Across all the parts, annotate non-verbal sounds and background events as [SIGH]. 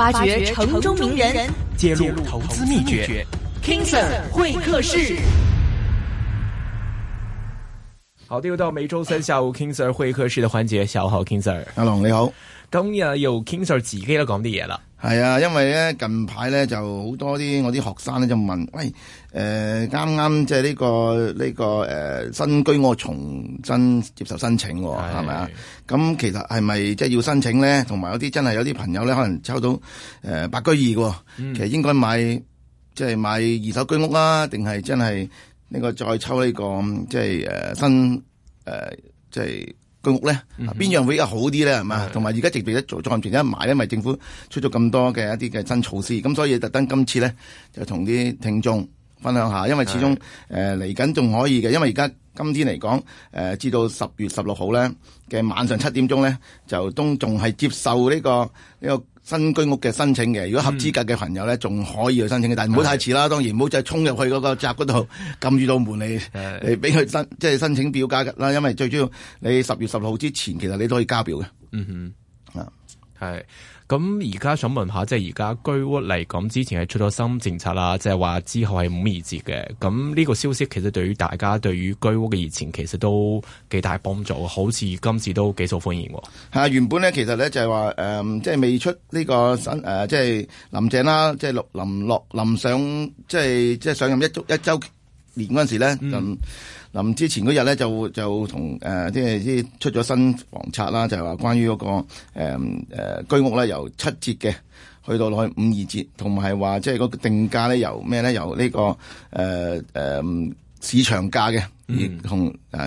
發掘城中名人，揭露投資秘訣。投投 King Sir, King Sir 會客室，好的，又到每周三下午、啊、King Sir 會客室的環節。下午好，King Sir。阿龍你好，今日有 King Sir 幾個了講啲嘢了。港係啊，因為咧近排咧就好多啲我啲學生咧就問，喂，誒啱啱即係呢個呢、呢個誒、呃、新居屋重新接受申請喎，係咪啊？咁是的 其實係咪即係要申請咧？同埋有啲真係有啲朋友咧，可能抽到誒白、呃、居二喎，嗯、其實應該買即係、即係、買二手居屋啦、啊，定係真係呢個再抽呢、呢個即係誒新誒即係。呃即係居屋咧，邊、嗯、哼樣會比較好啲咧？係嘛的，同埋而家直備一做，完全一埋，因為政府出咗咁多嘅一啲嘅新措施，咁所以特登今次咧就同啲聽眾分享下，因為始終誒嚟緊仲可以嘅，因為而家今天嚟講誒至到十月十六號咧嘅晚上七點鐘咧，就都仲係接受呢個呢個。這個新居屋嘅申請嘅，如果合資格嘅朋友咧，仲、嗯、可以去申請嘅，但係唔好太遲啦。是的 當然唔好就係衝入去嗰個閘嗰度，撳住道門嚟是的 你俾佢申，即、就、係、是、申請表格㗎喇。因為最主要你十月十六號之前，其實你都可以加表嘅。嗯哼，啊，係。咁而家想問下，即係而家居屋嚟講，之前係出咗新政策啦，即係話之後係五二折嘅。咁呢個消息其實對於大家對於居屋嘅熱情其實都幾大幫助，好似今次都幾受歡迎喎。吓，原本咧其實咧就係話、嗯、即係未出呢、呢個新、啊、即係林鄭啦，即係林落林上即係即係上任一週一周年嗰陣時咧嗱，之前嗰日咧就就同誒即係即係出咗新房策啦，就係、是、話關於嗰、那個誒、呃呃、居屋咧由七折嘅去到落去五二折，同埋話即係個定價咧由咩咧由呢、這個誒誒、呃呃、市場價嘅，同同、嗯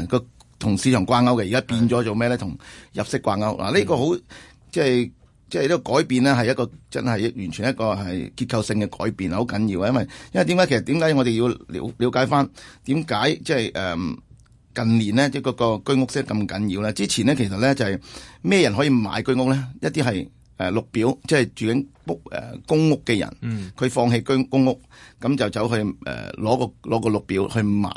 啊、市場掛鈎嘅，而家變咗做咩咧？同入息掛鈎嗱，呢、這個好、嗯、即係。即係呢個改變咧，係一個真係完全一個係結構性嘅改變好緊要啊，因為因為點解其實點解我哋要了了解翻點解即係誒近年咧即係嗰個居屋先咁緊要咧？之前咧其實咧就係、係、咩人可以買居屋咧？一啲係誒綠表，即係住緊屋誒公屋嘅人，佢放棄居，居公屋，咁就走去誒攞、呃、個攞個綠表去買。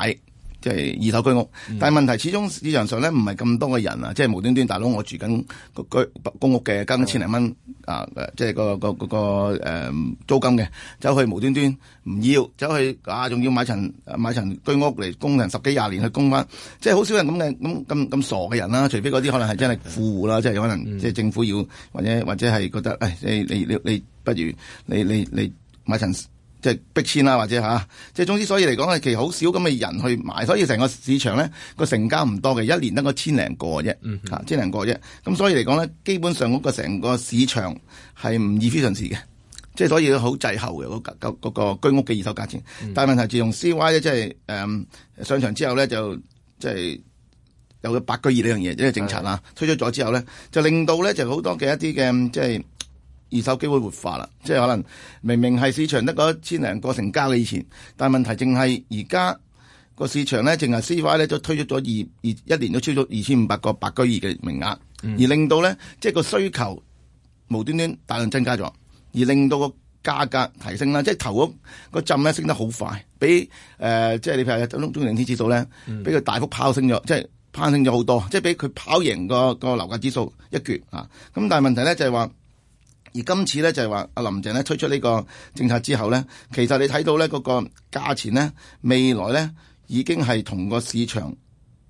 即係二手居屋，但係問題始終市場上咧唔係咁多嘅人啊！即係無端端大佬，我住緊居公屋嘅，交一千零蚊啊！即係個個個誒租金嘅，走去無端端唔要，走去啊仲要買層買層居屋嚟供人十幾廿年去供翻，即係好少人咁嘅咁咁咁傻嘅人啦！除非嗰啲可能係真係富戶啦，是的即係可能即係政府要，或者或者係覺得誒你你你你不如你你你你買層。即係逼遷啦，或者嚇，即、啊、係、就是、總之，所以嚟講咧，其實好少咁嘅人去買，所以成個市場咧個成交唔多嘅，一年得個千零個啫，千零個啫。咁所以嚟講咧，基本上屋成個,個市場係唔易非常時嘅，即、就、係、是、所以好滯後嘅嗰、那個那個那個居屋嘅二手價錢。嗯、但係問題自從 CY 咧即係、嗯、上場之後咧，就即係有白居二呢樣嘢，即係、就是、政策啦的推出咗之後咧，就令到咧就好多嘅一啲嘅即係。二手機會活化啦，即係可能明明係市場得咗千零個成交嘅以前，但係問題正係而家個市場咧，淨係 CY 呢，咧都推出咗二二一年都超咗二千五百個白居二嘅名額，嗯、而令到咧即係個需求無端端大量增加咗，而令到個價格提升啦。即係頭屋個浸咧升得好快，比誒、呃、即係你譬如說中中天指數咧，比佢、嗯、大幅跑升咗，即係攀升咗好多，即係俾佢跑贏、嗰個個樓價指數一橛啊。咁但係問題咧就係、係、話。而今次咧就係話阿林鄭咧推出呢個政策之後咧，其實你睇到咧嗰個價錢咧，未來咧已經係同個市場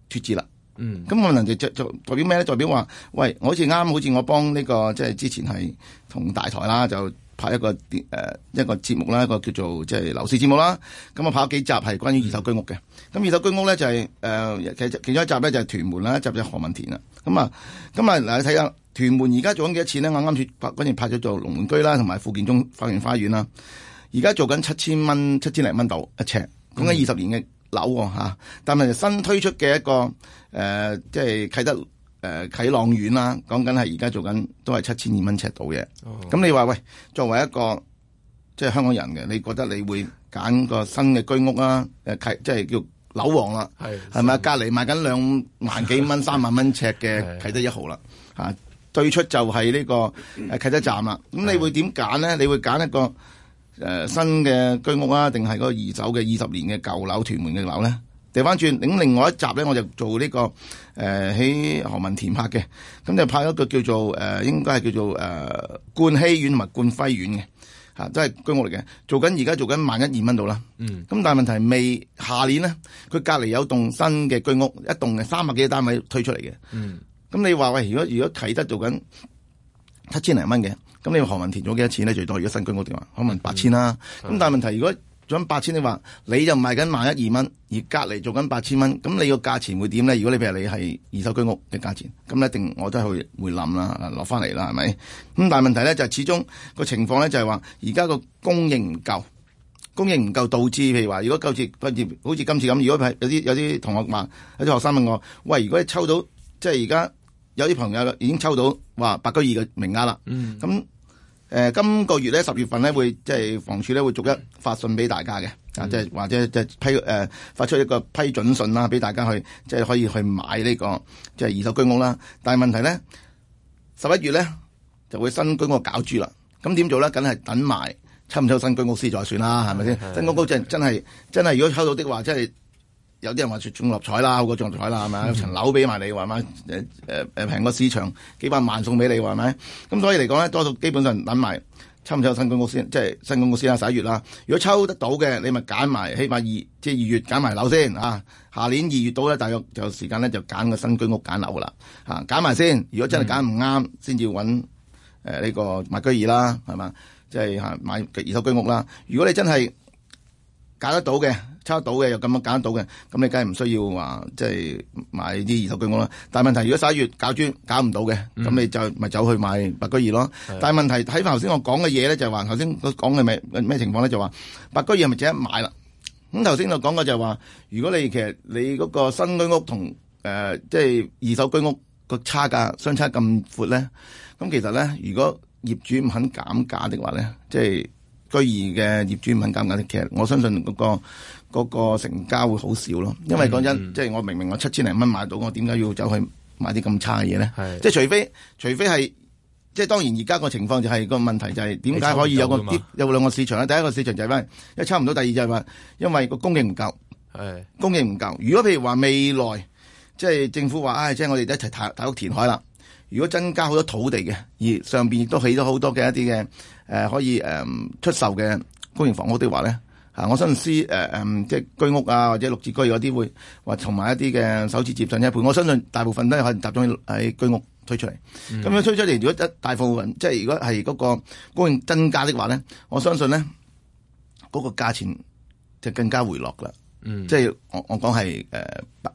脫節啦。嗯，咁可能就就代表咩咧？代表話，喂，我好似啱，好似我幫呢、這個即係、就是、之前係同大台啦，就拍一個電、呃、一個節目啦，一個叫做即係樓市節目啦。咁啊，拍咗幾集係關於二手居屋嘅。咁二手居屋咧就係、是、誒，其、呃、其中一集咧就係屯門啦，集咗何文田啦。咁啊，咁啊嗱，睇下。屯門而家做緊幾多錢咧？啱啱先嗰陣拍咗做龍門居啦，同埋富建中花園花園啦。而家做緊七千蚊、七千零蚊度一尺，講緊二十年嘅樓喎、啊、但係新推出嘅一個即係、呃就是、啟德、呃、啟朗苑啦，講緊係而家做緊都係七千二蚊尺到嘅。咁、哦、你話喂，作為一個即係、就是、香港人嘅，你覺得你會揀個新嘅居屋啦、啊？即係、就是、叫樓王啦、啊，係咪隔離賣緊兩萬幾蚊、三 [LAUGHS] 萬蚊尺嘅啟德一號啦，啊對出就係呢個啟德站啦，咁你會點揀呢？你會揀一個誒、呃、新嘅居屋啊，定係個二手嘅二十年嘅舊樓屯門嘅樓咧？掉翻轉，咁另外一集咧，我就做呢、這個誒喺、呃、何文田拍嘅，咁就拍一個叫做誒、呃，應該係叫做誒冠希苑同埋冠輝苑嘅，嚇、啊、都係居屋嚟嘅，做緊而家做緊萬一二蚊度啦。嗯，咁但係問題未下年呢，佢隔離有棟新嘅居屋，一棟係三百幾單位推出嚟嘅。嗯。咁你話喂，如果如果啟德做緊七千零蚊嘅，咁你何文填何文田咗幾多錢呢？最多而家新居屋嘅話，可能八千啦。咁、嗯嗯、但係問題如果做緊八千，你話你就賣緊萬一二蚊，而隔離做緊八千蚊，咁你個價錢會點呢？如果你譬如你係二手居屋嘅價錢，咁一定我都去會諗啦，落翻嚟啦，係咪？咁但係問題咧就係、始終個情況咧就係話，而家個供應唔夠，供應唔夠導致譬如話，如果次今次好似今次咁，如果係有啲有啲同學話，有啲學生問我，喂，如果你抽到？即係而家有啲朋友已經抽到話白居二嘅名額啦。咁誒、mm hmm. 呃，今個月咧十月份咧會即係房署咧會逐一發信俾大家嘅，mm hmm. 啊，即係或者即係批誒、呃、發出一個批准信啦，俾大家去即係可以去買呢、呢個即係二手居屋啦。但係問題咧十一月咧就會新居屋攪珠啦。咁點做咧？梗係等埋抽唔抽新居屋先再算啦，係咪先？Hmm. 吧新居屋，屋真係真係，真係如果抽到的話，真係。有啲人話：説中六合彩啦，好過中彩啦，係咪有層樓俾埋你？話咪誒誒誒，平過市場幾百萬送俾你？話咪咁？所以嚟講咧，多數基本上諗埋抽唔抽新居屋先，即係新居屋先啦，十一月啦。如果抽得到嘅，你咪揀埋，起碼二即係二月揀埋樓先啊。下年二月到咧，大約就時間咧就揀個新居屋揀樓噶啦啊，揀埋先。如果真係揀唔啱，先至揾呢個買居二啦，係嘛，即係買二手居屋啦。如果你真係揀得到嘅，抽到嘅又咁樣揀到嘅，咁你梗係唔需要話即係買啲二手居屋啦。但係問題，如果十一月攪珠搞唔到嘅，咁你就咪走、嗯、去買白居二咯。是的 但係問題，睇返頭先我講嘅嘢咧，就係話頭先我講嘅咪咩情況咧，就話、是、白居二係咪值得買啦。咁頭先我講嘅就係話，如果你其實你嗰個新居屋同誒即係二手居屋個差價相差咁闊咧，咁其實咧，如果業主唔肯減價的話咧，即、就、係、是、居二嘅業主唔肯減價，其實我相信嗰、那個嗰個成交會好少咯，因為講真，嗯、即係我明明我七千零蚊買到，我點解要走去買啲咁差嘅嘢咧？是的 即係除非，除非係即係當然，而家個情況就係、是、個問題就係點解可以有個有兩個市場咧？第一個市場就係、是、咩？一差唔多，第二就係、是、話因為個供應唔夠。是的 供應唔夠。如果譬如話未來即係政府話，唉、哎，即係我哋一齊大陸填海啦，如果增加好多土地嘅，而上面亦都起咗好多嘅一啲嘅、呃、可以誒、呃、出售嘅公營房屋的話咧。啊！我相信，誒誒，即係居屋啊，或者綠置居嗰啲會或同埋一啲嘅首次接進，一為我相信大部分都係可能集中喺居屋推出嚟。咁樣、嗯、推出嚟，如果一大部分，即係如果係嗰個供應增加的話咧，我相信咧，嗰、那個價錢就更加回落啦。即係、嗯、我我講係誒，即、呃、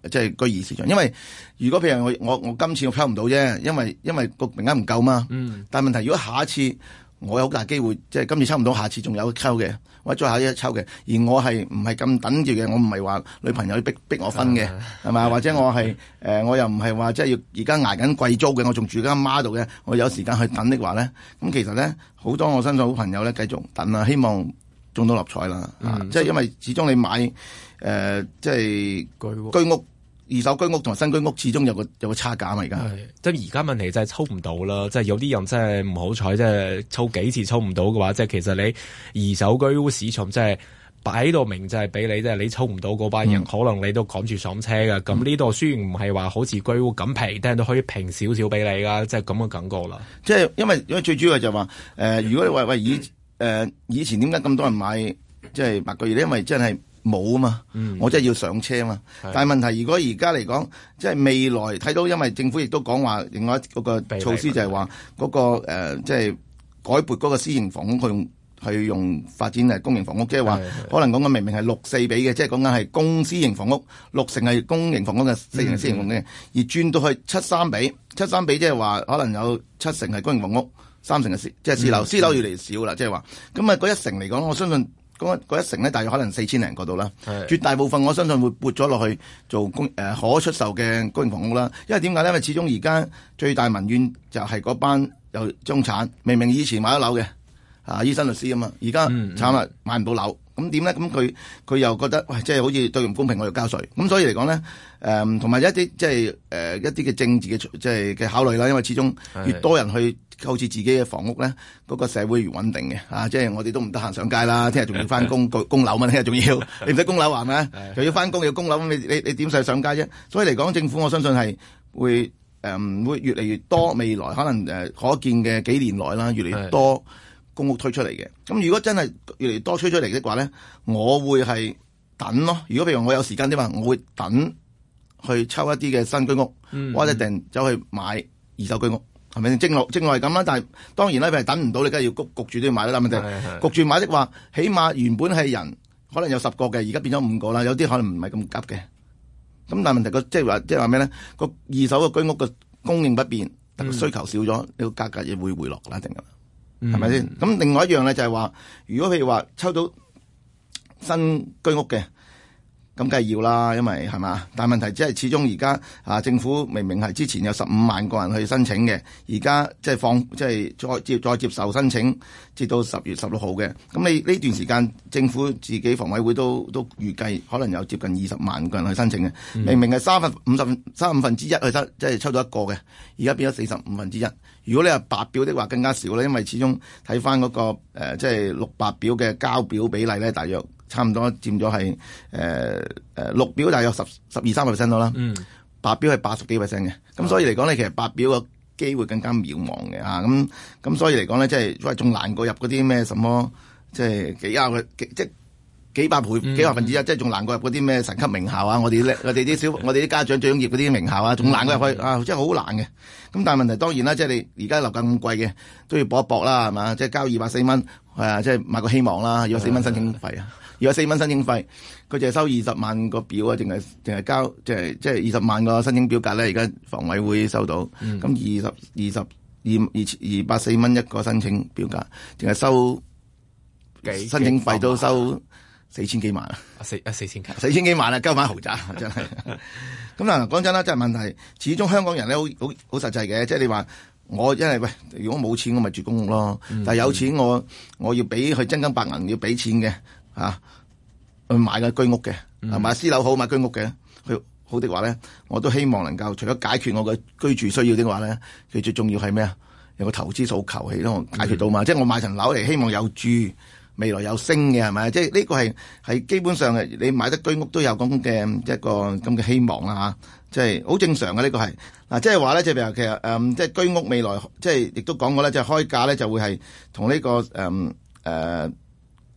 係、就是、居二市場，因為如果譬如我我我今次我抽唔到啫，因為因為個名額唔夠嘛。嗯。但問題是如果下一次，我有好大機會，即係今次抽唔到，下次仲有一抽嘅，或者再下一抽嘅。而我係唔係咁等住嘅？我唔係話女朋友逼逼我分嘅，係嘛？或者我係、啊、我又唔係話即係要而家捱緊貴租嘅，我仲住緊阿媽度嘅。我有時間去等的話咧，咁其實咧好多我身邊好朋友咧繼續等啦，希望中到六合彩啦、嗯啊，即係因為始終你買誒、呃、即係居屋。二手居屋同埋新居屋始終有個有個差價嘛。而家即係而家問題就係抽唔到啦，即係有啲人真係唔好彩，即係抽幾次抽唔到嘅話，即係其實你二手居屋市場即係擺到明就，就係俾你即係你抽唔到嗰班人，嗯、可能你都趕住上車㗎。咁呢度雖然唔係話好似居屋咁平，但係都可以平少少俾你㗎，即係咁嘅感覺啦。即係因為因為最主要就係話誒，如果你話喂以以前點解咁多人買即係白居二，你因為真係。冇啊嘛，嗯、我真係要上車啊嘛。是但係問題，如果而家嚟講，即、就、係、是、未來睇到，因為政府亦都講話另外一個措施就係話嗰個即係、呃就是、改撥嗰個私營房屋去用去用發展係公營房屋，即係話可能講緊明明係六四比嘅，即係講緊係公私營房屋六成係公營房屋嘅，四成私營房屋嘅，嗯、而轉到去七三比，七三比即係話可能有七成係公營房屋，三成嘅私即係、就是、私樓，嗯、私樓越嚟越少啦，即係話咁啊嗰一成嚟講，我相信。嗰嗰一成咧，大約可能四千零嗰度啦。是的 絕大部分我相信會撥咗落去做公可出售嘅公營房屋啦。因為點解咧？因為始終而家最大民怨就係嗰班有中產，明明以前買得樓嘅啊，醫生律師啊嘛，而家慘啦買唔到樓。咁點咧？咁佢佢又覺得，喂、哎，即、就、係、是、好似對唔公平，我要交稅。咁所以嚟講咧，誒、嗯，同埋一啲即係一啲嘅政治嘅即係嘅考慮啦。因為始終越多人去。好似自己嘅房屋咧，嗰、嗰個社會越穩定嘅，啊，即係我哋都唔得閒上街啦。聽日仲要翻 [LAUGHS] 工供樓嘛，聽日仲要，你唔使供樓係咪仲又要翻 [LAUGHS] 工要供樓，你你你點使上街啫？所以嚟講，政府我相信係會誒、嗯、會越嚟越多，未來可能可見嘅幾年內啦，越嚟越多公屋推出嚟嘅。咁的如果真係越嚟多推出嚟嘅話咧，我會係等咯。如果譬如我有時間嘅話，我會等去抽一啲嘅新居屋，嗯、或者定走去買二手居屋。係咪正外正係咁啦，但係當然呢，佢係等唔到你，梗係要焗住都要買啦。問題焗住買的話，即係話，起碼原本係人可能有十個嘅，而家變咗五個啦。有啲可能唔係咁急嘅。咁但係問題個即係話，即係話咩咧？個，就是，二手嘅居屋嘅供應不變，但個需求少咗，呢、嗯、個價格亦會回落啦，定噶啦。係咪先？咁另外一樣咧就係話，如果譬如話抽到新居屋嘅。咁梗係要啦，因為係嘛？但問題即係始終而家啊，政府明明係之前有十五萬個人去申請嘅，而家即係放即係、就是、再接再接受申請，至到十月十六號嘅。咁你呢段時間政府自己房委會都都預計可能有接近二十萬個人去申請嘅。嗯、明明係三分五十三五分之一去申，即係抽到一個嘅，而家變咗四十五分之一。如果你係白表的話，更加少啦，因為始終睇翻嗰個誒，即係六白表嘅交表比例咧，大約。差唔多佔咗係誒誒綠表，但係十十二三個 percent 到啦。白、嗯、表係八十幾 percent 嘅，咁、啊、所以嚟講咧，其實白表個機會更加渺茫嘅嚇。咁、啊、咁所以嚟講咧，即係都係仲難過入嗰啲咩什麼，即係幾廿即係幾百倍、嗯、幾百分之一，即係仲難過入嗰啲咩神級名校啊！我哋、嗯、 [LAUGHS] 我哋啲小我哋啲家長最中意嗰啲名校啊，仲難過入去、嗯、啊，真係好難嘅。咁但係問題當然啦，即係你而家樓咁貴嘅，都要搏一搏啦，係嘛？即係交二百四蚊，係啊，即係買個希望啦，有四蚊申請費啊。如果四蚊申請費，佢淨係收二十萬個表啊！淨係淨係交，即係即係二十萬個申請表格咧。而家房委會收到，咁二十二十二二二百四蚊一個申請表格，淨係收幾申請費都收四千幾萬啊！四啊四千幾，四千幾萬啦，交翻豪宅真係的。咁嗱， [LAUGHS] [LAUGHS] 講真啦，真係問題，始終香港人咧好好好實際嘅，即係你話我，因為喂，如果冇錢，我咪住公屋咯。嗯、但係有錢，我我要俾佢，去真金白銀，要俾錢嘅。吓，去買嘅居屋嘅，買私樓好買居屋嘅，佢、嗯、好，好的話咧，我都希望能夠除咗解決我嘅居住需要的話咧，佢最重要係咩啊？有個投資訴求係都解決到嘛？嗯、即係我買層樓嚟希望有住，未來有升嘅係咪？即係呢個係係基本上係，你買得居屋都有咁嘅一個咁嘅希望啦吓、啊，即係好正常嘅呢、這個係。嗱、啊，即係話咧，即係譬如其實誒，即係居屋未來即係亦都講過咧，即係開價咧就會係同呢個誒誒。嗯呃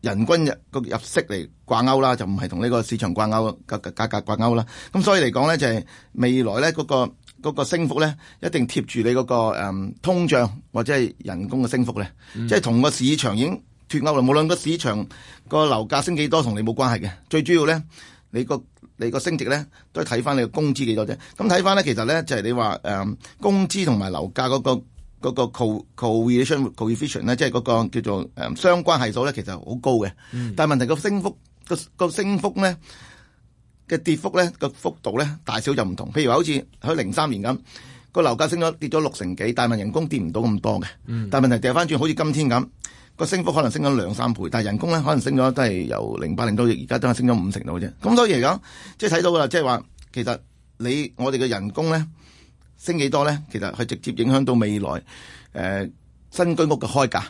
人均入個入息嚟掛鈎啦，就唔係同呢個市場掛鈎價價價格掛鈎啦。咁所以嚟講咧，就係未來咧嗰個嗰個升幅咧，一定貼住你嗰個誒通脹或者係人工嘅升幅咧。即係同個市場已經脫鈎啦。無論個市場個樓價升幾多，同你冇關係嘅。最主要咧，你個你個升值咧都係睇翻你個工資幾多啫。咁睇翻咧，其實咧就係你話誒工資同埋樓價嗰個。嗰個 co coefficient coefficient 咧，即係嗰個叫做、呃、相關係數咧，其實好高嘅。嗯、但係問題個升幅個升幅咧嘅跌幅咧個幅度咧大小就唔同。譬如話好似喺零三年咁，個樓價升咗跌咗六成幾，但係人工跌唔到咁多嘅。嗯、但係問題掉翻轉，好似今天咁，個升幅可能升咗兩三倍，但係人工咧可能升咗都係由零八年到而家都係升咗五成度嘅啫。咁、嗯、多嘢嚟講，即係睇到啦，即係話其實你我哋嘅人工咧。升幾多咧？其實係直接影響到未來誒、呃、新居屋嘅開價，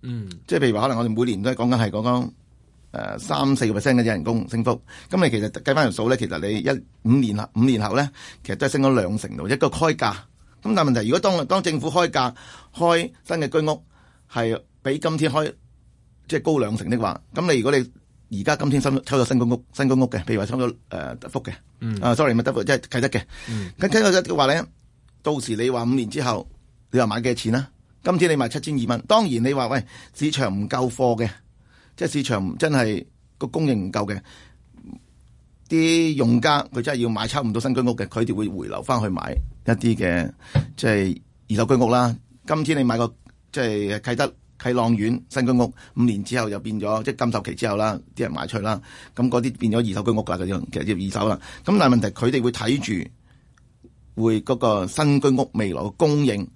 嗯，即係譬如話，可能我哋每年都係講緊係講講誒三四個 percent 嘅人工升幅，咁、嗯、你其實計翻條數咧，其實你一五年後五年後咧，其實都係升咗兩成度一個開價。咁但係問題，如果當當政府開價開新嘅居屋係比今天開即係、就是、高兩成的話，咁你如果你而家今天抽新抽咗新公屋、新公屋嘅，譬如話抽咗德福嘅，啊 sorry 唔係德福，即係契得嘅，咁契得嘅話咧。到時你話五年之後，你話買幾多錢啦？今天你買七千二蚊，當然你話喂市場唔夠貨嘅，即係市場真係個供應唔夠嘅，啲用家佢真係要買差唔多新居屋嘅，佢哋會回流翻去買一啲嘅即係二手居屋啦。今天你買個即係啟德啟朗苑新居屋，五年之後又變咗即係禁售期之後啦，啲人賣出啦，咁嗰啲變咗二手居屋啦，嗰啲其實要二手啦。咁但係問題佢哋會睇住。會嗰個新居屋未來嘅供應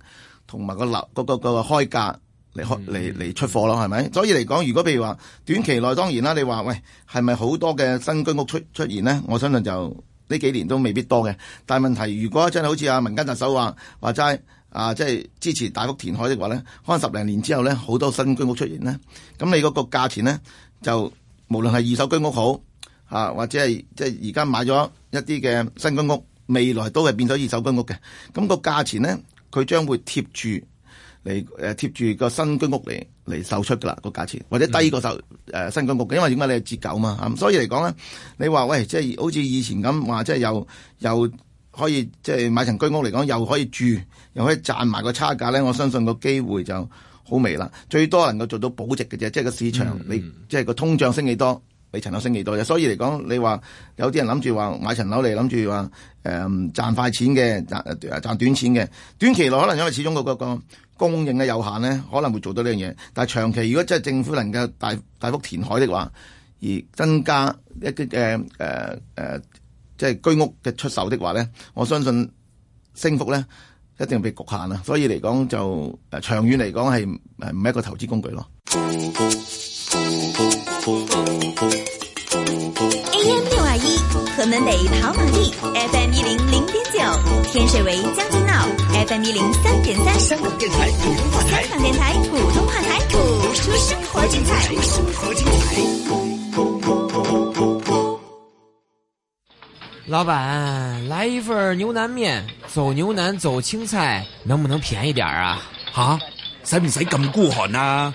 同埋個樓個個開價嚟嚟嚟出貨咯，係咪、嗯？所以嚟講，如果譬如話短期內當然啦，你話喂係咪好多嘅新居屋出出現呢？我相信就呢幾年都未必多嘅。但問題如果真係好似阿民間特首話話齋啊，即係支持大幅填海的話呢，可能十零年之後呢，好多新居屋出現呢。咁你嗰個價錢呢，就無論係二手居屋好啊或者係即係而家買咗一啲嘅新居屋。未來都係變咗二手居屋嘅，咁個價錢咧，佢將會貼住嚟貼住個新居屋嚟嚟售出㗎啦，個價錢或者低過售新居屋嘅，因為點解你係折舊嘛，所以嚟講咧，你話喂，即係好似以前咁話，即係又又可以即係買層居屋嚟講又可以住，又可以賺埋個差價咧，我相信個機會就好微啦，最多能夠做到保值嘅啫，即係個市場、嗯、你即係個通脹升幾多，俾層樓升幾多嘅，所以嚟講，你話有啲人諗住話買層樓嚟諗住話誒賺快錢嘅，賺誒賺短錢嘅，短期內可能因為始終個個供應嘅有限呢，可能會做到呢樣嘢。但係長期如果真係政府能夠大大幅填海的話，而增加一啲嘅誒誒，即係居屋嘅出售的話呢，我相信升幅呢一定被局限啊。所以嚟講就長遠嚟講係誒唔係一個投資工具咯。AM 六二一，河門北跑馬地；FM 一零零點九，天水圍將軍澳；FM 一零三點三，香港電台廣東話台。香港電台廣東話台，播出生活精彩。生活精彩。老闆，來一份牛腩麵，走牛腩，走青菜，能不能便宜點啊？啊，使唔使咁孤寒啊？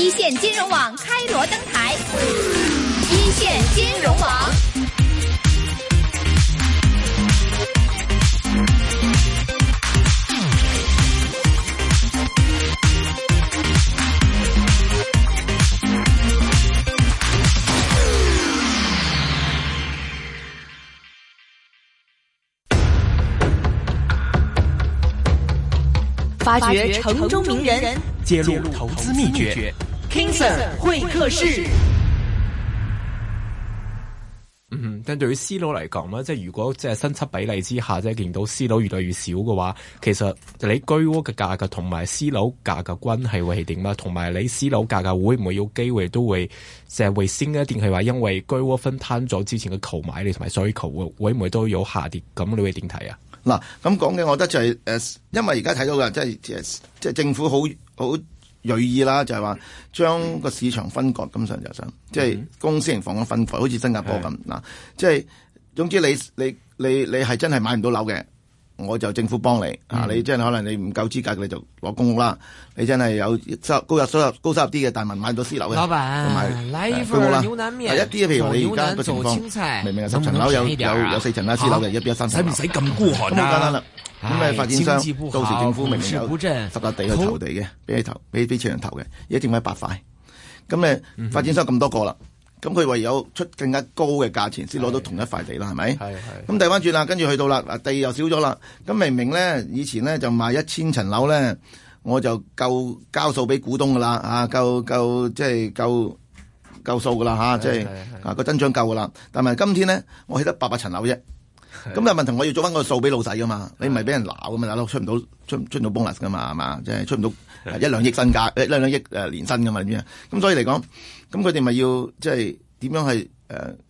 一線金融網開鑼登台，一線金融網發掘城中名人。揭露投資秘訣，King Sir 會客室。嗯，但對於私樓嚟講咧，即係如果即係新測比例之下，即係見到私樓越嚟越少嘅話，其實你居屋嘅價格同埋私樓價格關係會係點咧？同埋你私樓價格會唔會有機會都會成為先嘅？定係話因為居屋分攤咗之前嘅購買力同埋需求，和所以球會會唔會都有下跌？咁你會點睇啊？嗱，咁講嘅，我覺得就係、是、因為而家睇到嘅，即係即係政府好好銳意啦，就係、是、話將個市場分割。咁上就上，即、就、係、是、公私營房嘅分配好似新加坡咁。嗱，即係是的 總之你你你你係真係買唔到樓嘅。我就政府幫你，你真係可能你唔夠資格，你就攞公屋啦。你真係有收高入收入高收入啲嘅，但係買唔到私樓嘅，同埋佢冇啦。一啲譬如你而家個房明明係十層樓，有有有四層啦，私樓嘅一邊一三，睇唔使咁孤寒啦。咁你發展商到時政府明明有十笪地去投地嘅，俾你投俾啲錢人投嘅，而家點解八塊咁你發展商咁多個啦。咁佢唯有出更加高嘅價錢先攞到同一塊地啦，係咪是？係係吧。咁睇翻轉啦，跟住、嗯、去，去到啦，嗱地又少咗啦。咁明明咧以前咧就賣一千層樓咧，我就夠交數俾股東噶啦，嚇、啊、夠夠即係夠夠，夠數噶啦即係啊個、就是啊、增長夠噶啦。但係今天咧，我起得八百層樓啫。咁是但問題，我要做翻個數俾老細噶嘛？是你唔係俾人鬧噶嘛？是出唔到出出唔到 bonus 噶嘛？係嘛？即係出唔到一，是一兩億身價，一兩億誒年薪噶嘛？點啊？咁所以嚟講。咁佢哋咪要即係點樣係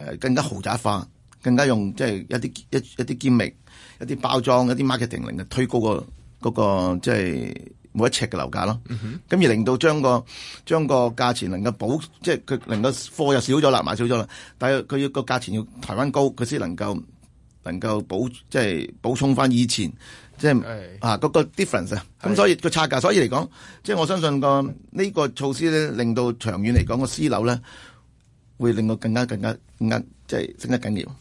誒更加豪宅化，更加用即係一啲一一啲尖銳、一啲包裝、一啲 marketing 嚟推高、個嗰個即係每一尺嘅樓價咯。咁、嗯、哼而令到將個將個價錢能夠補，即係佢令到貨又少咗啦，買少咗啦，但係佢要個價錢要台灣高，佢先能夠能夠補即係、就是、補充翻以前。即係是啊，嗰、那個 difference 啊是，咁所以個差價，所以嚟講，即係我相信個呢個措施咧，令到長遠嚟講個私樓咧，會令到更加更加更加即係升得緊要。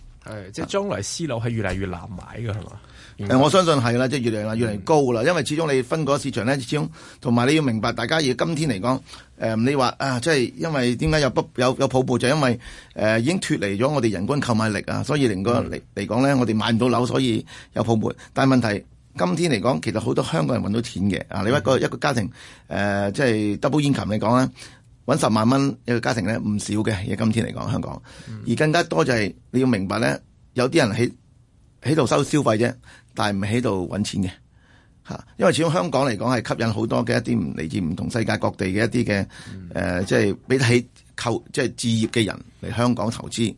即係將來私樓係越嚟越難買㗎，係嘛、啊吧嗯？我相信係啦，即係越嚟越來越嚟高啦，因為始終你分個市場咧，始終同埋你要明白，大家要今天嚟講，誒、嗯、你話啊，即係因為點解有不有有泡沫就是、因為誒、呃、已經脫離咗我哋人均購買力啊，所以令個嚟嚟講咧，我哋買唔到樓，所以有泡沫，但係問題。今天嚟講，其實好多香港人揾到錢嘅啊！你一個一個家庭，誒、呃，即係 double income 嚟講咧，揾十萬蚊一個家庭咧，唔少嘅。而今天嚟講，香港，而更加多就係你要明白咧，有啲人喺喺度收消費啫，但係唔係喺度揾錢嘅嚇。因為始終香港嚟講係吸引好多嘅一啲嚟自唔同世界各地嘅一啲嘅誒，即係俾得起購即係置業嘅人嚟香港投資。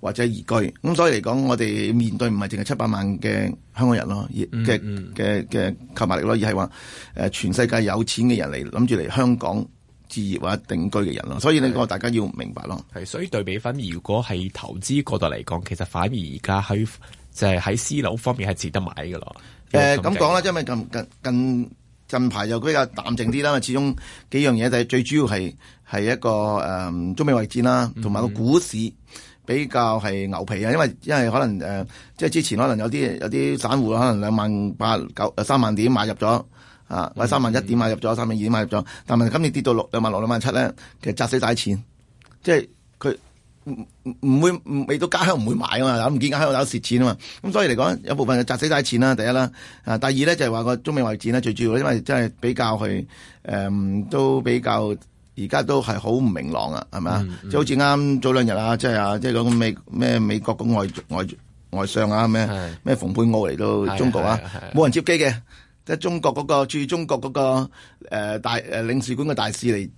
或者移居，咁所以嚟講，我哋面對唔係淨係七百萬嘅香港人咯，嘅嘅嘅購買力咯，而係話誒全世界有錢嘅人嚟諗住嚟香港置業或者定居嘅人咯，所以呢個大家要不明白咯。係，所以對比返，如果係投資角度嚟講，其實反而而家喺就係喺私樓方面係值得買㗎咯。誒，咁講啦，因為近近近。近近近排就比較淡靜啲啦，始終幾樣嘢，就係最主要係係一個誒、嗯、中美位戰啦，同埋個股市比較係牛皮呀。因為因為可能、呃、即係之前可能有啲有啲散戶可能兩萬八九、三萬點買入咗啊，或者三萬一點買入咗，三萬二點買入咗，但係今年跌到六兩萬六、兩萬七咧，其實砸死晒錢，即係佢。唔唔會唔未到家鄉唔會買啊嘛，唔見家鄉有蝕錢啊嘛，咁所以嚟講有部分就砸死晒錢啦，第一啦，啊第二咧就係話個中美貿易戰咧最主要，因為真係比較去誒、嗯、都比較而家都係好唔明朗啊，係咪、嗯、啊？就好似啱早兩日啊，即、就、係、是、啊，即係講美咩美國個外外外相啊咩咩的蓬佩奧嚟到中國啊，冇人接機嘅，即、就、係、是、中國嗰、那個駐中國嗰、那個誒、呃、大誒領事館嘅大使嚟。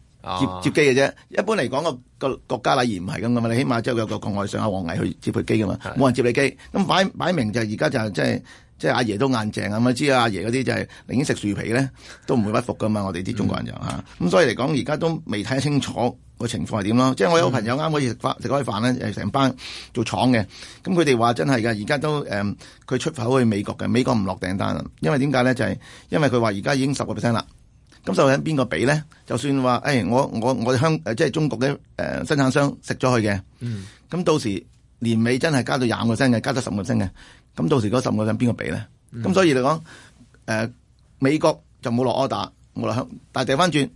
接接機嘅啫，一般嚟講個個國家禮儀唔係咁，噶嘛，你起碼即係有個國外上下王毅去接佢機噶嘛，冇是的 人接你機。咁擺擺明就係而家就係即係即係阿爺都硬淨咁啊！知道阿爺嗰啲就係、是、寧願食樹皮咧，都唔會屈服噶嘛！我哋啲中國人就嚇，咁、嗯啊、所以嚟講而家都未睇清楚個情況係點咯。即、就、係、是、我有個朋友啱可以食飯食開飯咧，誒成班做廠嘅，咁佢哋話真係㗎，而家都誒佢、嗯、出口去美國嘅，美國唔落訂單啦，因為點解咧就係、是、因為佢話而家已經十個 percent 啦。咁受緊邊個畀咧？就算話誒、哎，我我我香誒，即係中國嘅誒、呃、生產商食咗佢嘅，咁、嗯、到時年尾真係加到廿個星嘅，加到十五個星嘅，咁到時嗰十五個星邊個畀呢？邊個咧？咁所以嚟講，誒、呃，美國就冇落 order，冇落香，但係掉翻轉，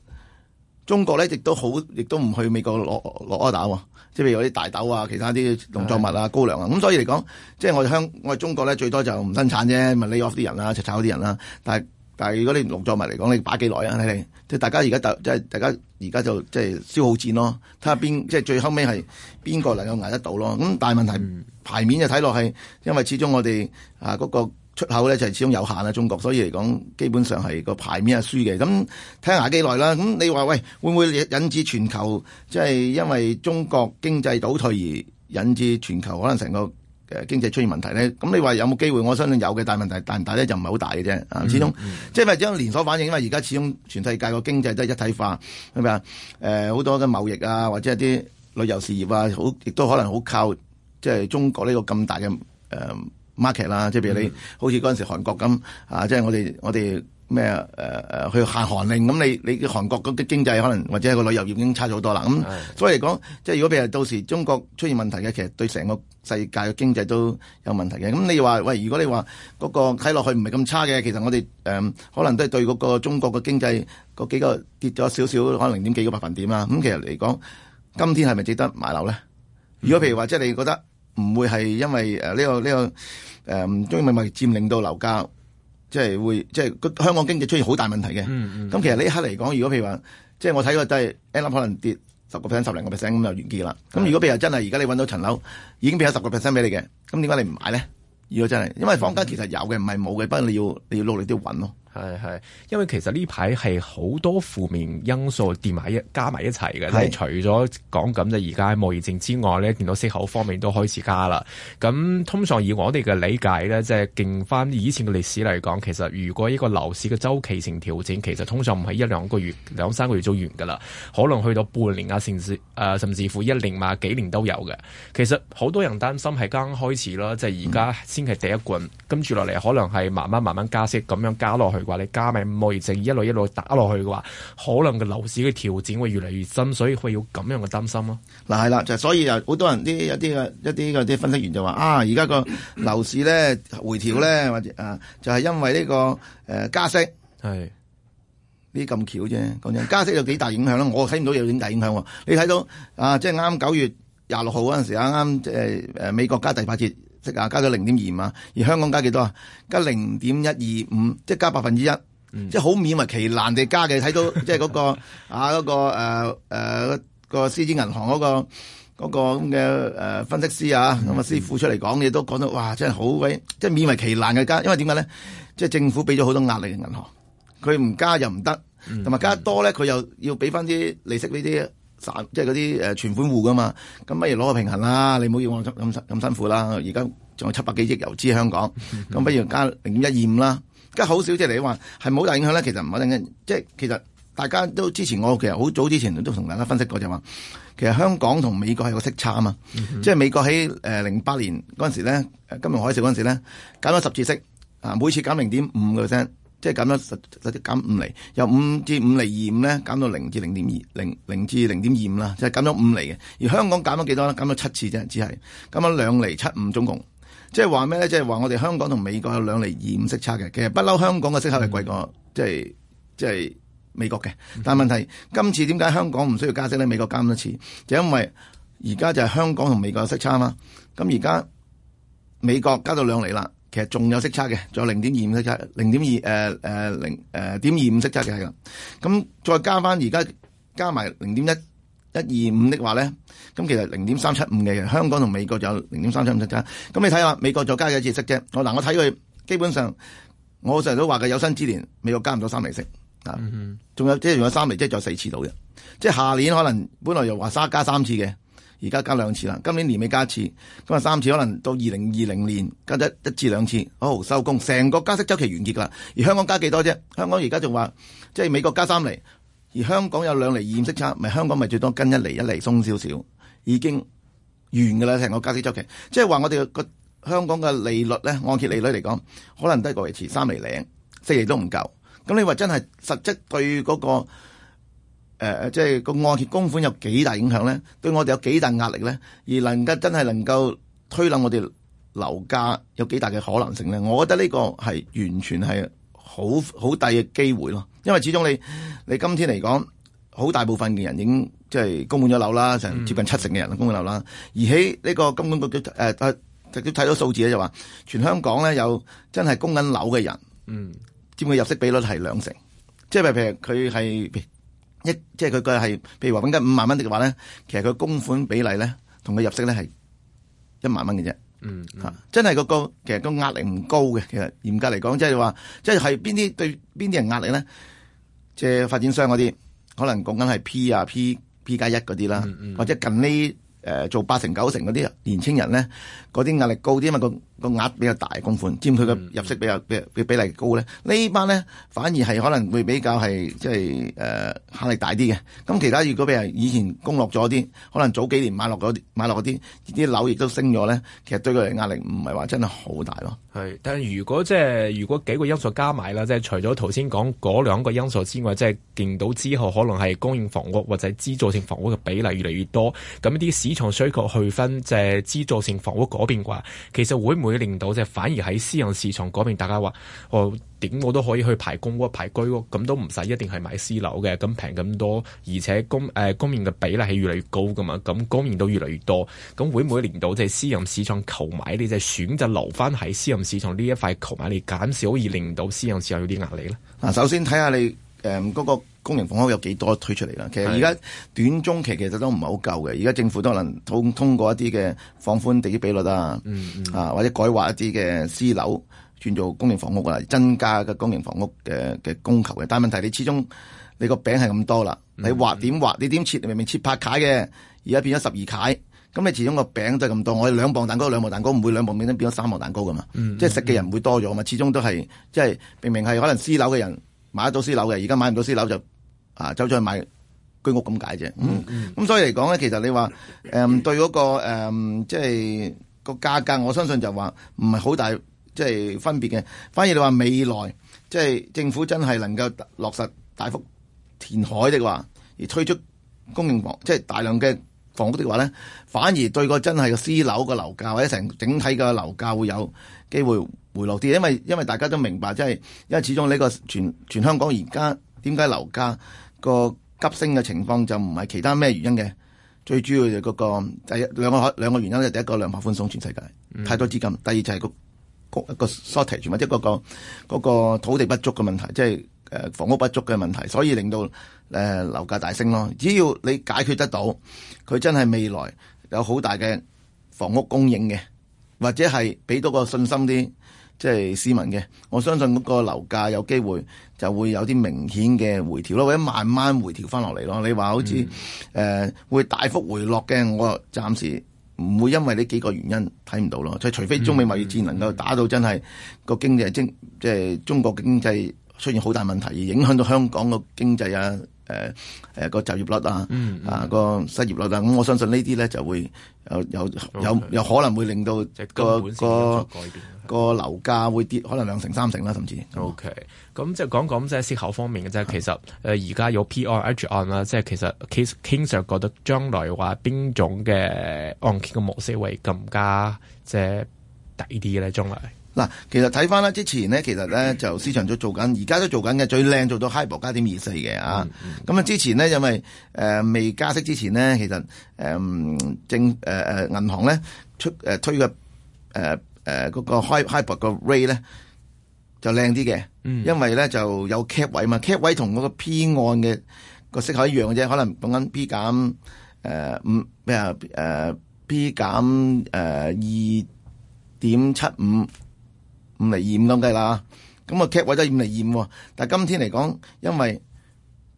中國咧亦都好，亦都唔去美國攞攞 order 喎。即係、啊、譬如有啲大豆啊，其他啲農作物啊，的高粱啊，咁所以嚟講，即係我哋香，我哋中國咧最多就唔生產啫，咪、就是、lay off 啲人啦、啊，就炒啲人啦、啊，但係。但係如果你農作物嚟講，你擺幾耐啊？睇你即係大家而家就即係大家而家就即係消耗戰咯。睇下邊即係最後尾係邊個能夠捱得到咯。咁但係問題牌面就睇落係，因為始終我哋啊嗰個出口咧就係始終有限啦。中國所以嚟講，基本上係個牌面係輸嘅。咁睇下捱幾耐啦。咁、嗯、你話喂，會唔會引致全球即係因為中國經濟倒退而引致全球可能成個嘅經濟出現問題咧，咁你話有冇機會？我相信有嘅，但係問題大唔大咧就唔係好大嘅啫。啊，始終即係咪為將連鎖反應，因為而家始終全世界個經濟都係一體化，係咪啊？誒、呃，好多嘅貿易啊，或者一啲旅遊事業啊，好亦都可能好靠即係、就是、中國呢個咁大嘅誒、呃、market 啦。即係譬如你好似嗰陣時韓國咁啊，即、就、係、是、我哋我哋。咩誒、呃、去限韓令，咁你你韓韓國嗰啲經濟可能或者係個旅遊業已經差咗好多啦，咁所以嚟講，即係如果譬如到時中國出現問題嘅，其實對成個世界嘅經濟都有問題嘅。咁你話喂，如果你話嗰個睇落去唔係咁差嘅，其實我哋誒、呃、可能都係對嗰個中國嘅經濟嗰幾個跌咗少少，可能零點幾個百分點啦、啊、咁其實嚟講，今天係咪值得買樓咧？嗯、如果譬如話，即係你覺得唔會係因為誒呢、呃這個呢個誒唔中唔咪佔領到樓價。即係會，即係香港經濟出現好大問題嘅。咁、嗯嗯、其實呢一刻嚟講，如果譬如話，即係我睇過都係，A 股可能跌十個 percent、十零個 percent 咁就完結啦。咁、嗯、如果譬如真係，而家你揾到層樓已經變咗十個 percent 俾你嘅，咁點解你唔買咧？如果真係，因為房間其實有嘅，唔係冇嘅，不過你要你要努力都要揾咯。係係，因為其實呢排係好多負面因素疊埋一加埋一齊嘅。是除咗講緊就而家喺貿易政之外咧，見到息口方面都開始加啦。咁通常以我哋嘅理解咧，即係勁翻以前嘅歷史嚟講，其實如果呢個樓市嘅周期性調整，其實通常唔係一兩個月、兩三個月做完㗎啦，可能去到半年啊，甚至、呃、甚至乎一年嘛、啊、幾年都有嘅。其實好多人擔心係啱啱開始啦，即係而家先係第一棍，跟住落嚟可能係慢慢慢慢加息，咁樣加落去。話你加埋五毫二成，一路一路打落去嘅話，可能個樓市嘅調整會越嚟越深，所以會有咁樣嘅擔心咯、啊。嗱係啦，就所以就好多人啲一啲嘅一啲啲分析員就話啊，而家個樓市咧回調咧，或者啊，就係因為呢個誒加息係呢咁巧啫。講真，加息有幾大影響咧？我睇唔到有幾大影響喎。你睇到啊，即係啱九月廿六號嗰陣時啱啱誒誒，美國加第八節。啊，加咗零點二嘛，而香港加幾多啊？加零點一二五，嗯、即係加百分之一，即係好勉為其難地加嘅。睇到即係嗰、那個 [LAUGHS] 啊，嗰、那個誒誒、呃呃那個獅子銀行嗰個咁嘅誒分析師啊，咁啊師傅出嚟講嘢都講到哇，真係好鬼，即係勉為其難嘅加。因為點解咧？即係政府俾咗好多壓力嘅銀行，佢唔加又唔得，同埋加多咧，佢又要俾翻啲利息呢啲。即係嗰啲誒存款戶㗎嘛，咁不如攞個平衡啦，你唔好要，要我咁咁辛苦啦。而家仲有七百幾億遊資香港，咁不如加零點一二五啦，而家好少即係你話係冇大影響啦。其實唔一定嘅，即係其實大家都之前我其實好早之前都同大家分析過就話，其實香港同美國係個息差啊嘛，即係、嗯、哼美國喺誒零八年嗰陣時咧金融海嘯嗰陣時咧減咗十次息啊，每次減零點五個 percent。即係減咗十十次減五厘，由五至五厘二五咧減到零至零點二零零至零點二五啦，即係減咗五厘嘅。而香港減咗幾多咧？減咗七次啫，只係減咗兩厘七五，總共即係話咩咧？即係話我哋香港同美國有兩厘二五息差嘅。其實不嬲香港嘅息口係貴過即係即係美國嘅。但係問題今次點解香港唔需要加息咧？美國加咗一次，就因為而家就係香港同美國有息差啦。咁而家美國加到兩厘啦。其實仲有息差嘅，仲有零點二五息差，零點二誒誒零誒點二五息差嘅係、嗯嗯嗯嗯、啦。咁再加翻而家加埋零點一一二五的話咧，咁其實零點三七五嘅，香港同美國就有零點三七五息差。咁你睇下美國再加幾次息啫。我嗱我睇佢基本上，我成日都話嘅有生之年美國加唔到三厘息。啊，仲有即係仲有三厘，即係仲有四次度嘅，即係下年可能本來又話加三次嘅。而家加兩次啦，今年年尾加一次，今日三次，可能到二零二零年加一至兩次，好收工，成個加息周期完結啦。而香港加幾多啫？香港而家仲話，即係美國加三厘，而香港有兩厘二息差，咪香港咪最多跟一厘一厘鬆少少，已經完㗎啦。成個加息周期，即係話我哋個香港嘅利率咧，按揭利率嚟講，可能一個維持三厘零，四厘都唔夠。咁你話真係實質對嗰個？誒即係個按揭供款有幾大影響咧？對我哋有幾大壓力咧？而能夠真係能夠推冧我哋樓價有幾大嘅可能性咧？我覺得呢個係完全係好好大嘅機會咯。因為始終你你今天嚟講，好大部分嘅人已經即係、就是、供滿咗樓啦，成接近七成嘅人供滿樓啦。嗯、而喺呢、這個根本就誒，直接睇到數字咧就話，全香港咧有真係供緊樓嘅人，佔嘅入息比率係兩成，即係譬如佢係。一即係佢個係，譬如話搵緊五萬蚊的話咧，其實佢供款比例咧，同佢入息咧係一萬蚊嘅啫。嗯，嗯、啊，吓真係、個個其實個壓力唔高嘅。其實嚴格嚟講，即係話即係係邊啲對邊啲人壓力咧？即係發展商嗰啲，可能講緊係 P 啊 P P 加一嗰啲啦，嗯嗯或者近呢。誒、呃、做八成九成嗰啲年青人呢，嗰啲壓力高啲啊嘛，個個額比較大供款，佔佢嘅入息比較比比，比例高呢。呢班呢，反而係可能會比較係即係誒，壓、呃、力大啲嘅。咁其他如果譬如以前供落咗啲，可能早幾年買落咗買落嗰啲啲樓亦都升咗呢，其實對佢哋壓力唔係話真係好大咯、啊。係，但係如果即、就、係、是、如果幾個因素加埋啦，即、就、係、是、除咗頭先講嗰兩個因素之外，即係見到之後可能係供應房屋或者資助性房屋嘅比例越嚟越多，咁啲市。從需求去分，即係資助性房屋嗰邊啩，其實會唔會令到即係、就是、反而喺私人市場嗰邊，大家話哦，點我都可以去排公屋排居屋，咁都唔使一定係買私樓嘅，咁平咁多，而且公誒公營嘅比例係越嚟越高噶嘛，咁公營都越嚟越多，咁會唔會令到即係、就是、私人市場購買呢？即係選擇留翻喺私人市場呢一塊購買，你減少以令到私人市場有啲壓力咧？嗱，首先睇下你。誒，嗰、嗯那個公營房屋有幾多推出嚟啦？其實而家短中期其實都唔係好夠嘅。而家政府都可能通通過一啲嘅放寬地積比率啊，嗯嗯、啊或者改劃一啲嘅私樓轉做公營房屋啦，增加嘅公營房屋嘅嘅供求嘅。但係問題你始終你個餅係咁多啦、嗯，你劃點劃，你點切？明明切八塊嘅，而家變咗十二塊。咁你始終個餅都係咁多。我哋兩磅蛋糕，兩磅蛋糕唔會兩磅變都變咗三磅蛋糕噶嘛。嗯、即係食嘅人唔會多咗嘛。始終都係即係明明係可能私樓嘅人。買得到私樓嘅，而家買唔到私樓就啊，走咗去買居屋咁解啫。咁、mm hmm. 嗯、所以嚟講咧，其實你話誒、嗯，對嗰、那個誒，即、嗯、係、就是、個價格，我相信就話唔係好大，即、就、係、是、分別嘅。反而你話未來，即、就、係、是、政府真係能夠落實大幅填海的話，而推出公營房，即、就、係、是、大量嘅房屋的話咧，反而對個真係個私樓嘅樓價或者成整，整體嘅樓價會有機會。回落啲，因為因為大家都明白，即、就、係、是、因為始終呢個全全香港而家點解樓價個急升嘅情況就唔係其他咩原因嘅，最主要就嗰、那個，第一兩個，個原因就第一個量化寬鬆，全世界太多資金，嗯、第二就係、那個一、那個 shortage，或者嗰個土地不足嘅問題，即係誒房屋不足嘅問題，所以令到誒樓價大升咯。只要你解決得到，佢真係未來有好大嘅房屋供應嘅，或者係俾多個信心啲。即係市民嘅，我相信嗰個樓價有機會就會有啲明顯嘅回調咯，或者慢慢回調翻落嚟咯。你話好似誒、嗯呃、會大幅回落嘅，我暫時唔會因為呢幾個原因睇唔到咯。即係除非中美貿易戰能夠打到真係個經濟即係、即係、中國經濟出現好大問題，而影響到香港個經濟啊誒誒個就業率啊、嗯嗯、啊、個失業率啊，咁我相信呢啲咧就會有有有有，有可能會令到一、個。個樓價會跌，可能兩成、三成啦，甚至。O K，咁即係講講即係息口方面嘅啫。嗯、其實誒，而、呃、家有 P 按 H 按啦、啊，即係其實 King Sir 覺得將來話邊種嘅按揭嘅模式會更加即係抵啲咧？將來嗱，其實睇翻啦，之前呢，其實咧就市場做做緊，而家都做緊嘅最靚做到 hyper 加點二四嘅啊。咁、嗯、啊，之前呢，因為誒未、呃、加息之前呢，其實誒政誒誒銀行咧出誒、呃、推嘅誒。呃誒嗰、呃那個 H Plan 嘅 rate 咧就靚啲嘅，嗯、因為咧就有 cap 位嘛，cap 位同嗰個 P 按嘅個息口一樣嘅啫，可能講緊 P 減，誒五咩啊誒 P 減，誒二點七五，五釐二五咁計啦。咁個 cap 位都係五釐二五喎。但係今天嚟講，因為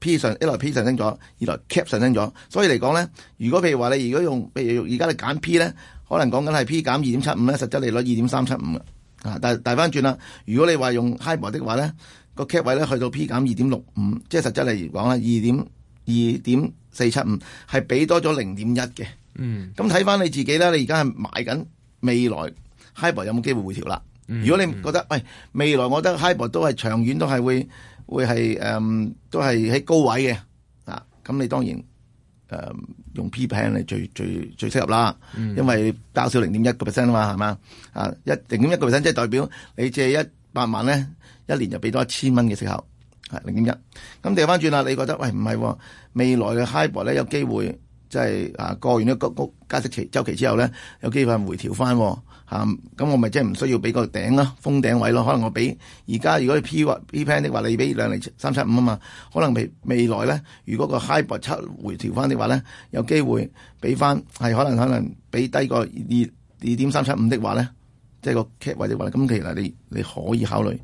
P 上一來 P 上升咗，二來 cap 上升咗，所以嚟講咧，如果譬如話你如果用譬如而家你揀 P 咧。可能講緊係 P 減二點七五咧，75, 實質利率二點三七五嘅，啊，但係大翻轉啦。如果你話用 Hibor 嘅話，咧，個 cap 位咧去到 P 減二點六五，65, 即係實質嚟講啦，二點二點四七五係俾多咗零點一嘅。嗯，咁睇翻你自己啦，你而家係買緊未來、嗯、Hibor 有冇機會回調啦？嗯、如果你覺得喂、哎、未來，我覺得 Hibor 都係長遠都係會會係誒、嗯、都係喺高位嘅，啊，咁你當然誒。嗯用 P plan 嚟最最最適合啦，嗯、因為較少零點一個 percent 啊嘛，係嘛？啊，一零點一個 percent 即係代表你借一百萬咧，一年就俾多一千蚊嘅息口，係零點一。咁掉翻轉啦，你覺得喂唔係、啊？未來嘅 HIBOR 咧有機會。即係啊，過完呢個高加息期週期之後咧，有機會係回調翻喎，咁我咪即係唔需要俾個頂咯，啊，封頂位咯，可能我俾而家如果係 P P plan 的話，你俾兩釐三七五啊嘛，可能未未來咧，如果個 high 博七回調翻的話咧，有機會俾翻係可能可能俾低個二二點三七五的話咧，即係個 cap 位的話，咁其實你你可以考慮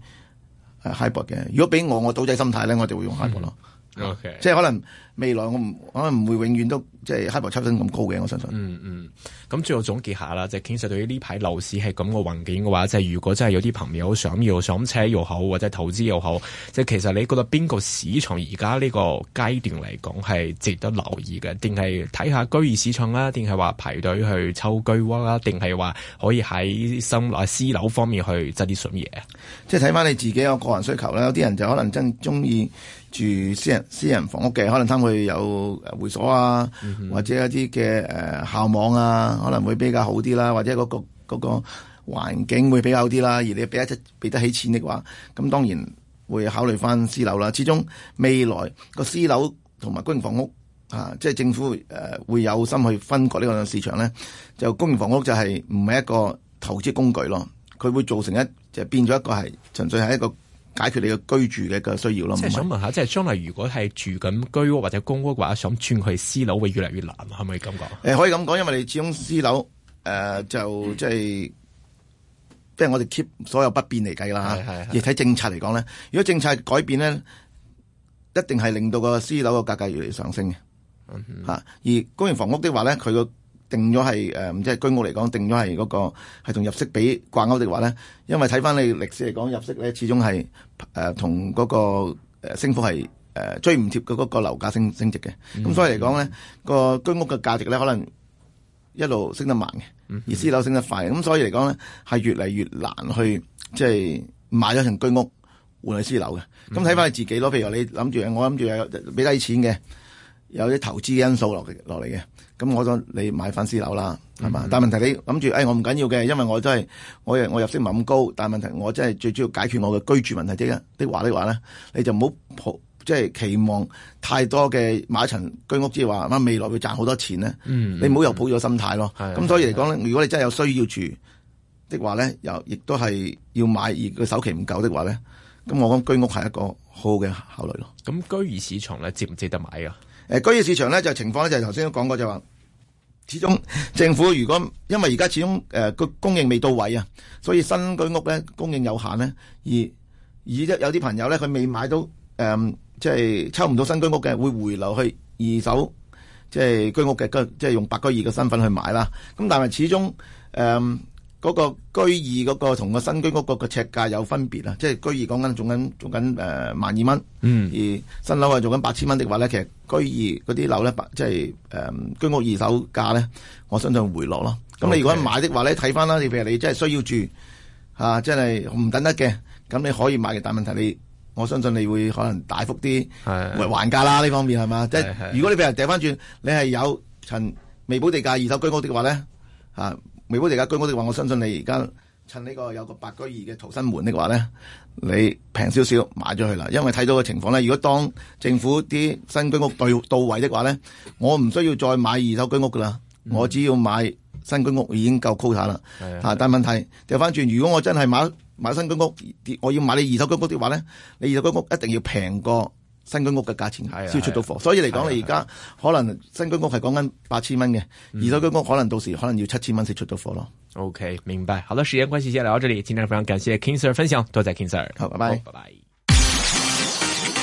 誒 high 博嘅。如果俾我，我賭仔心態咧，我就會用 high 博咯。嗯 O.K.，即係可能未來我唔可能唔會永遠都即係黑白抽升咁高嘅，我相信。嗯嗯，咁、嗯、最後總結下啦，就係、是、其實對於呢排樓市係咁個環境嘅話，即、就、係、是、如果真係有啲朋友想要上車又好，或者投資又好，即、就、係、是、其實你覺得邊個市場而家呢個階段嚟講係值得留意嘅？定係睇下居二市場啦、啊，定係話排隊去抽居屋、啊、啦，定係話可以喺新樓私樓方面去執啲筍嘢？即係睇翻你自己個個人需求啦，有啲人就可能真中意，住私人私人房屋嘅，可能佢哋會有會所啊，嗯、哼或者一啲嘅誒校網啊，可能會比較好啲啦，或者嗰、那個嗰、那個環境會比較好啲啦。而你俾一筆俾得起錢嘅話，咁當然會考慮翻私樓啦。始終未來個私樓同埋公營房屋啊，即係政府誒、呃、會有心去分割呢個市場咧，就公營房屋就係唔係一個投資工具咯，佢會造成一就變咗一個係純粹係一個。解決你嘅居住嘅一個需要咯，即係想問下，是即係將來如果係住緊居屋或者公屋嘅話，想轉去私樓會越嚟越難，係咪咁講？誒、呃，可以咁講，因為你始終私樓誒、呃、就、嗯、即係，即係我哋 keep 所有不變嚟計啦吓，嗯、而睇政策嚟講咧，如果政策改變咧，一定係令到個私樓嘅價格、格越嚟越上升嘅，吓、嗯、哼而公營房屋的話咧，佢個。定咗係誒，唔知係居屋嚟講，定咗係嗰個係同入息比掛鈎的話咧，因為睇翻你歷史嚟講，入息咧始終係誒同嗰、嗰個、呃、升幅係誒、呃、追唔貼嘅嗰個樓價升升值嘅，咁、嗯、所以嚟講咧個居屋嘅價值咧可能一路升得慢嘅，嗯嗯、而私樓升得快嘅，咁所以嚟講咧係越嚟越難去即係、即係、買咗層居屋換去私樓嘅。咁睇翻你自己咯，譬如話你諗住，我諗住有俾低錢嘅，有啲投資因素落落嚟嘅。咁我想你買翻私樓啦，係嘛？嗯、但問題你諗住，誒、哎，我唔緊要嘅，因為我真係，我我入息唔係咁高。但問題我真係最主要解決我嘅居住問題啫。的，話的，話咧，你就唔好抱即係期望太多嘅買一層居屋之，即係話乜未來會賺好多錢咧。嗯、你唔好又抱咗心態咯。咁、嗯、所以嚟講咧，是是是是如果你真係有需要住的話呢，話咧，又亦都係要買而佢首期唔夠的話呢，話咧，咁我講居屋係一個好好嘅考慮咯。咁居二市場咧，值唔值得買啊？誒，居業市場呢，情況就情況呢，就係頭先都講過，就話始終政府如果因為而家始終誒個供應未到位啊，所以新居屋呢供應有限呢。而而有啲朋友呢，佢未買到誒，即、呃、係、就是、抽唔到新居屋嘅，會回流去二手即係、就是、居屋嘅，即、就、係、是、用白居二嘅身份去買啦。咁但係始終誒。呃嗰個居二嗰個同個新居屋嗰個嘅尺價有分別啊！即係居二講緊仲緊仲緊，誒萬二蚊，中中嗯、而新樓係做緊八千蚊的話咧，其實居二嗰啲樓咧，即係誒居屋二手價咧，我相信會回落咯。咁 Okay 你如果買的話咧，睇翻啦，你譬如你真係需要住即、啊、真係唔等得嘅，咁你可以買嘅，但問題你我相信你會可能大幅啲還價啦呢的方面係嘛？即係如果你俾人掟翻轉，你係有陳未補地價二手居屋的話咧、啊未補地價居屋的話，我相信你而家趁呢個有個白居二嘅逃生門的話咧，你平少少買咗去啦。因為睇到個情況咧，如果當政府啲新居屋到位的話咧，我唔需要再買二手居屋噶啦，我只要買新居屋已經夠 quota 啦。是是是但問問題掉翻轉，如果我真係買買新居屋，我要買你二手居屋的話咧，你二手居屋一定要平過。新居屋嘅價錢先、哎、呀出到貨，哎、呀所以嚟講，你而家可能新居屋係講緊八千蚊嘅，二手、嗯、居屋可能到時可能要七千蚊先出到貨咯。OK，明白。好多時間關係，先嚟到這裡。今天非常感謝 King Sir 分享，多謝 King Sir。好，拜拜，好拜拜。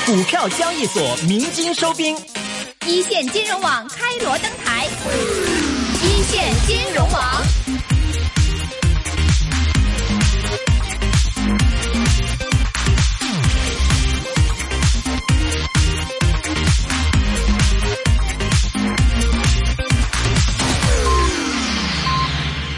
股票交易所鳴金收兵，一線金融網開鑼登台，一線金融網。